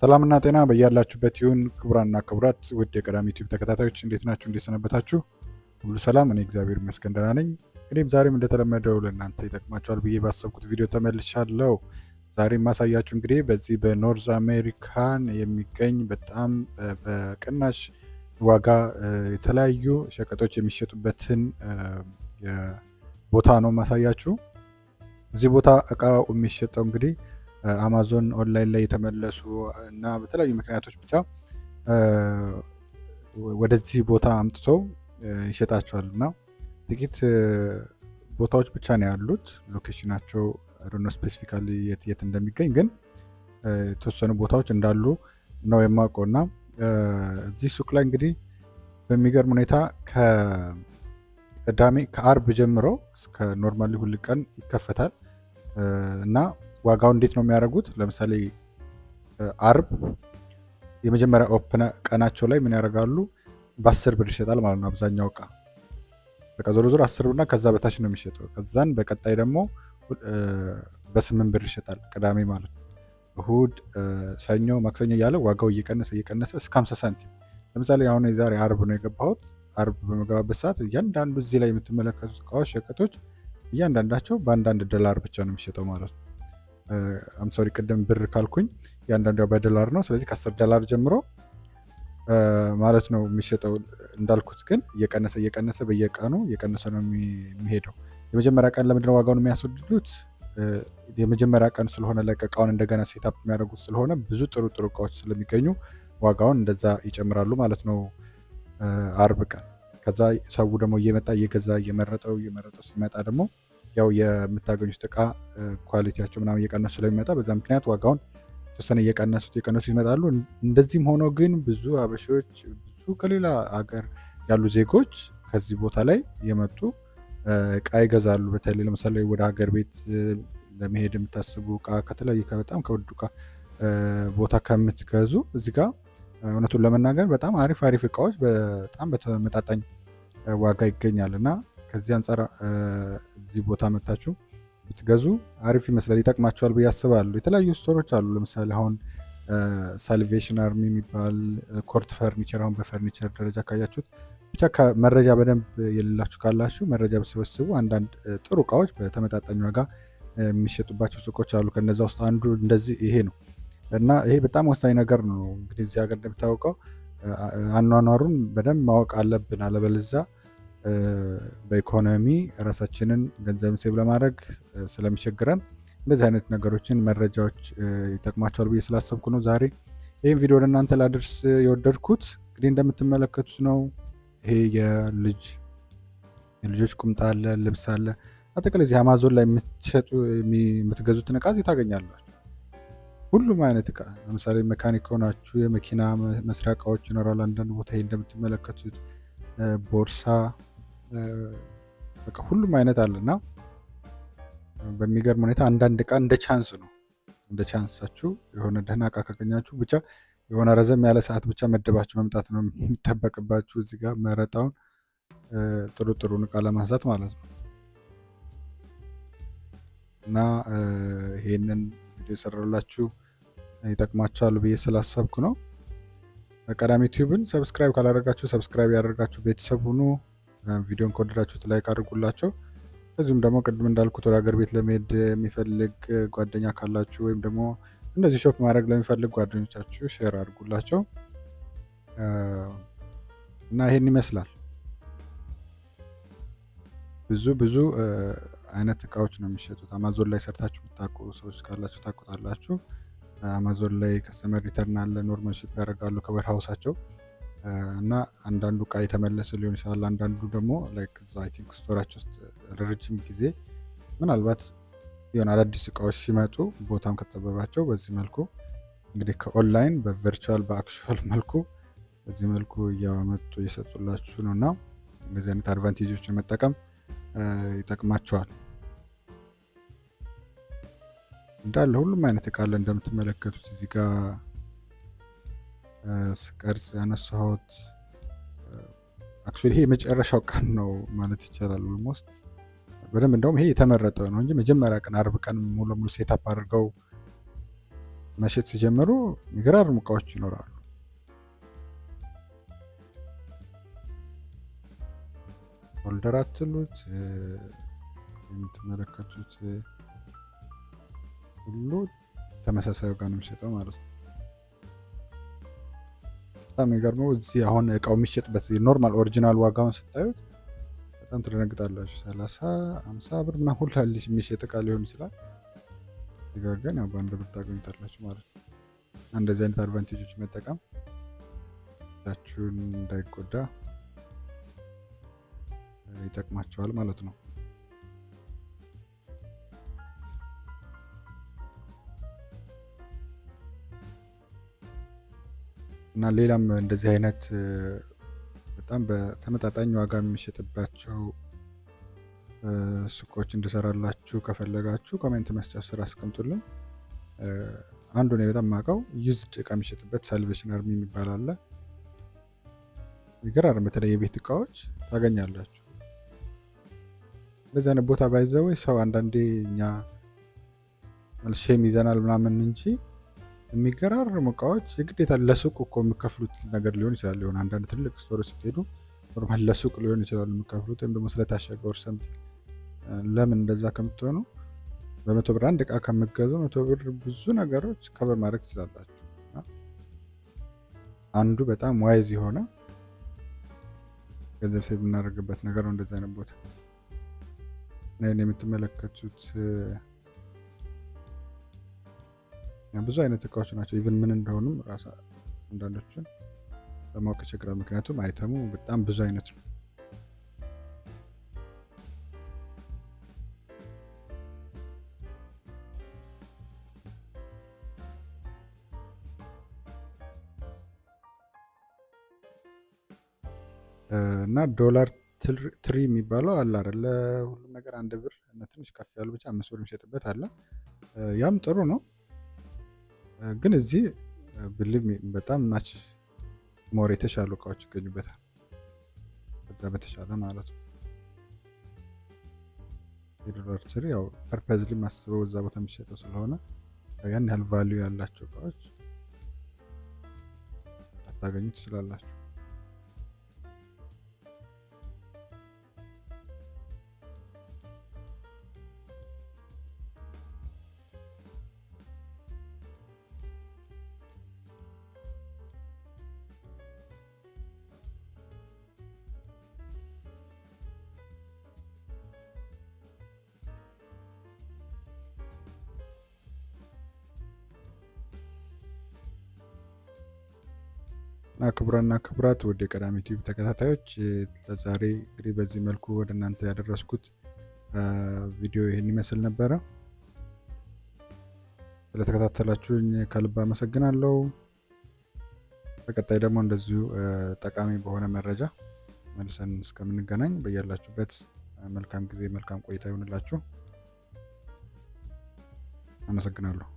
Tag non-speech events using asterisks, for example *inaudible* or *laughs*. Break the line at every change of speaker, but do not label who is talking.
ሰላምና ጤና በያላችሁበት ይሁን። ክቡራንና ክቡራት ውድ የቀዳሚ ዩቲዩብ ተከታታዮች እንዴት ናችሁ? እንዴት ሰነበታችሁ? ሁሉ ሰላም? እኔ እግዚአብሔር ይመስገን ደህና ነኝ። እኔም ዛሬም እንደተለመደው ለእናንተ ይጠቅማችኋል ብዬ ባሰብኩት ቪዲዮ ተመልሻለሁ። ዛሬ ማሳያችሁ እንግዲህ በዚህ በኖርዝ አሜሪካን የሚገኝ በጣም በቅናሽ ዋጋ የተለያዩ ሸቀጦች የሚሸጡበትን ቦታ ነው ማሳያችሁ። እዚህ ቦታ እቃ የሚሸጠው እንግዲህ አማዞን ኦንላይን ላይ የተመለሱ እና በተለያዩ ምክንያቶች ብቻ ወደዚህ ቦታ አምጥቶ ይሸጣቸዋል እና ጥቂት ቦታዎች ብቻ ነው ያሉት። ሎኬሽናቸው ሮኖ ስፔሲፊካሊ የት የት እንደሚገኝ ግን የተወሰኑ ቦታዎች እንዳሉ ነው የማውቀው እና እዚህ ሱቅ ላይ እንግዲህ በሚገርም ሁኔታ ከቅዳሜ ከአርብ ጀምሮ እስከ ኖርማሊ ሁል ቀን ይከፈታል እና ዋጋው እንዴት ነው የሚያደርጉት? ለምሳሌ አርብ የመጀመሪያ ኦፕን ቀናቸው ላይ ምን ያደርጋሉ? በአስር ብር ይሸጣል ማለት ነው አብዛኛው እቃ በቃ ዞሮ ዞሮ አስር ብርና ከዛ በታች ነው የሚሸጠው። ከዛን በቀጣይ ደግሞ በስምንት ብር ይሸጣል ቅዳሜ ማለት ነው። እሁድ፣ ሰኞ፣ ማክሰኞ እያለ ዋጋው እየቀነሰ እየቀነሰ እስከ ሀምሳ ሳንቲም ለምሳሌ አሁን የዛሬ አርብ ነው የገባሁት። አርብ በመገባበት ሰዓት እያንዳንዱ እዚህ ላይ የምትመለከቱት እቃዎች፣ ሸቀጦች እያንዳንዳቸው በአንዳንድ ደላር ብቻ ነው የሚሸጠው ማለት ነው። አምሶሪ ቅድም ብር ካልኩኝ እያንዳንዱ በዶላር ነው። ስለዚህ ከአስር ዶላር ጀምሮ ማለት ነው የሚሸጠው እንዳልኩት ግን እየቀነሰ እየቀነሰ በየቀኑ እየቀነሰ ነው የሚሄደው። የመጀመሪያ ቀን ለምንድነው ዋጋውን የሚያስወድዱት? የመጀመሪያ ቀን ስለሆነ ለቀቃውን እንደገና ሴታፕ የሚያደርጉት ስለሆነ ብዙ ጥሩ ጥሩ እቃዎች ስለሚገኙ ዋጋውን እንደዛ ይጨምራሉ ማለት ነው። አርብ ቀን ከዛ ሰው ደግሞ እየመጣ እየገዛ እየመረጠው እየመረጠው ሲመጣ ደግሞ ያው የምታገኙት እቃ ኳሊቲያቸው ምናምን እየቀነሱ ስለሚመጣ በዛ ምክንያት ዋጋውን የተወሰነ እየቀነሱት እየቀነሱ ይመጣሉ። እንደዚህም ሆኖ ግን ብዙ አበሾች ብዙ ከሌላ ሀገር ያሉ ዜጎች ከዚህ ቦታ ላይ የመጡ እቃ ይገዛሉ። በተለይ ለምሳሌ ወደ ሀገር ቤት ለመሄድ የምታስቡ እቃ ከተለያዩ በጣም ከውዱ ቦታ ከምትገዙ እዚህ ጋ እውነቱን ለመናገር በጣም አሪፍ አሪፍ እቃዎች በጣም በተመጣጣኝ ዋጋ ይገኛል እና ከዚህ አንጻር እዚህ ቦታ መታችሁ ብትገዙ አሪፍ ይመስላል፣ ይጠቅማቸዋል ብዬ አስባለሁ። የተለያዩ ስቶሮች አሉ። ለምሳሌ አሁን ሳልቬሽን አርሚ የሚባል ኮርት ፈርኒቸር፣ አሁን በፈርኒቸር ደረጃ ካያችሁት ብቻ መረጃ በደንብ የሌላችሁ ካላችሁ መረጃ ብሰበስቡ አንዳንድ ጥሩ እቃዎች በተመጣጣኝ ዋጋ የሚሸጡባቸው ሱቆች አሉ። ከነዛ ውስጥ አንዱ እንደዚህ ይሄ ነው እና ይሄ በጣም ወሳኝ ነገር ነው። እንግዲህ እዚህ ሀገር እንደሚታወቀው አኗኗሩን በደንብ ማወቅ አለብን። አለበለዚያ በኢኮኖሚ ራሳችንን ገንዘብ ሴብ ለማድረግ ስለሚቸግረን እንደዚህ አይነት ነገሮችን መረጃዎች ይጠቅማቸዋል ብዬ ስላሰብኩ ነው ዛሬ ይህም ቪዲዮ ለእናንተ ላደርስ የወደድኩት። እንግዲህ እንደምትመለከቱት ነው ይሄ የልጅ የልጆች ቁምጣ አለ፣ ልብስ አለ። አጠቃላይ እዚህ አማዞን ላይ የምትሸጡ የምትገዙትን እቃ እዚህ ታገኛላችሁ። ሁሉም አይነት እቃ ለምሳሌ መካኒክ ሆናችሁ የመኪና መስሪያ እቃዎች ይኖራል አንዳንድ ቦታ ይሄ እንደምትመለከቱት ቦርሳ በቃ ሁሉም አይነት አለና በሚገርም ሁኔታ አንዳንድ እቃ እንደ ቻንስ ነው። እንደ ቻንሳችሁ የሆነ ደህና እቃ ካገኛችሁ ብቻ የሆነ ረዘም ያለ ሰዓት ብቻ መደባችሁ መምጣት ነው የሚጠበቅባችሁ። እዚህ ጋር መረጣውን ጥሩ ጥሩን እቃ ለማንሳት ማለት ነው እና ይሄንን ቪዲዮ የሰራላችሁ ይጠቅማችኋል ብዬ ስላሰብኩ ነው። ቀዳሚ ቲዩብን ሰብስክራይብ ካላደረጋችሁ ሰብስክራይብ ያደርጋችሁ ቤተሰብ ሁኑ። ቪዲዮን ከወደዳችሁት ላይክ አድርጉላቸው። እዚሁም ደግሞ ቅድም እንዳልኩት ወደ ሀገር ቤት ለመሄድ የሚፈልግ ጓደኛ ካላችሁ ወይም ደግሞ እንደዚህ ሾፕ ማድረግ ለሚፈልግ ጓደኞቻችሁ ሼር አድርጉላቸው እና ይሄን ይመስላል። ብዙ ብዙ አይነት እቃዎች ነው የሚሸጡት። አማዞን ላይ ሰርታችሁ የምታውቁ ሰዎች ካላችሁ ታውቁታላችሁ። አማዞን ላይ ከስተመር ሪተርን አለ። ኖርማል ሽፕ ያደርጋሉ ከዌርሃውሳቸው እና አንዳንዱ እቃ የተመለሰ ሊሆን ይችላል። አንዳንዱ ደግሞ ላይክ አይ ቲንክ ስቶራቸው ውስጥ ለረጅም ጊዜ ምናልባት የሆነ አዳዲስ እቃዎች ሲመጡ ቦታም ከጠበባቸው በዚህ መልኩ እንግዲህ ከኦንላይን በቨርቹዋል በአክቹዋል *laughs* መልኩ በዚህ መልኩ እያመጡ እየሰጡላችሁ ነው እና እንደዚህ አይነት አድቫንቴጆችን መጠቀም ይጠቅማቸዋል። እንዳለ ሁሉም አይነት እቃ አለ እንደምትመለከቱት እዚህ ጋር ስቀርጽ ያነሳሁት አክቹዋሊ ይሄ የመጨረሻው ቀን ነው ማለት ይቻላል። ኦልሞስት በደንብ እንደውም ይሄ የተመረጠ ነው እንጂ መጀመሪያ ቀን አርብ ቀን ሙሉ ሙሉ ሴታፕ አድርገው መሸጥ ሲጀምሩ የሚገራርሙ እቃዎች ይኖራሉ። ሆልደር አትሉት የምትመለከቱት ሁሉ ተመሳሳይ ጋር ነው የሚሸጠው ማለት ነው። በጣም የሚገርመው እዚህ አሁን እቃው የሚሸጥበት ኖርማል ኦሪጂናል ዋጋውን ስታዩት በጣም ትደነግጣላችሁ። ሰላሳ አምሳ ብር ምና ሁላ የሚሸጥ እቃ ሊሆን ይችላል። እዚህ ጋር ግን ያው በአንድ ብር ታገኙታላችሁ ማለት ነው። እንደዚህ አይነት አድቫንቴጆች መጠቀም ታችሁን እንዳይጎዳ ይጠቅማቸዋል ማለት ነው። እና ሌላም እንደዚህ አይነት በጣም በተመጣጣኝ ዋጋ የሚሸጥባቸው ሱቆች እንድሰራላችሁ ከፈለጋችሁ ኮሜንት መስጫ ስር አስቀምጡልን። አንዱ ነው በጣም ማውቀው ዩዝድ እቃ የሚሸጥበት ሳልቬሽን አርሚ የሚባል አለ። በተለይ የቤት እቃዎች ታገኛላችሁ። እንደዚህ አይነት ቦታ ባይዘወይ ሰው አንዳንዴ እኛ መልሼም ይዘናል ምናምን እንጂ የሚገራርሙ እቃዎች የግዴታ ለሱቅ እኮ የሚከፍሉት ነገር ሊሆን ይችላል። ሆነ አንዳንድ ትልቅ ስቶሪ ስትሄዱ ኖርማል ለሱቅ ሊሆን ይችላሉ የሚከፍሉት፣ ወይም ደግሞ ስለታሸገ ወር ለምን እንደዛ ከምትሆኑ በመቶ ብር አንድ እቃ ከምገዙ መቶ ብር ብዙ ነገሮች ከበር ማድረግ ትችላላችሁ። አንዱ በጣም ዋይዝ የሆነ ገንዘብ ሴቭ የምናደርግበት ነገር ነው እንደዚህ አይነት ቦታ እና የምትመለከቱት ብዙ አይነት እቃዎች ናቸው። ኢቨን ምን እንደሆኑም ራሳ አንዳንዶችን ለማወቅ ይቸግራል። ምክንያቱም አይተሙ በጣም ብዙ አይነት ነው። እና ዶላር ትሪ የሚባለው አለ አይደል? ለሁሉም ነገር አንድ ብር እና ትንሽ ከፍ ያሉ ብቻ አምስት ብር የሚሸጥበት አለ። ያም ጥሩ ነው። ግን እዚህ ብልም በጣም ማች ሞር የተሻሉ እቃዎች ይገኙበታል። ከዛ በተሻለ ማለት ነው። የዶላር ያው ፐርፐዝሊ ማስበው እዛ ቦታ የሚሸጠው ስለሆነ ያን ያህል ቫሊዩ ያላቸው እቃዎች አታገኙ ትችላላችሁ። እና ክቡራና ክቡራት ወደ ቀዳሚ ቲዩብ ተከታታዮች ለዛሬ እንግዲህ በዚህ መልኩ ወደ እናንተ ያደረስኩት ቪዲዮ ይህን ይመስል ነበረ። ስለተከታተላችሁኝ ከልብ አመሰግናለሁ። በቀጣይ ደግሞ እንደዚሁ ጠቃሚ በሆነ መረጃ መልሰን እስከምንገናኝ በያላችሁበት መልካም ጊዜ፣ መልካም ቆይታ ይሆንላችሁ። አመሰግናለሁ።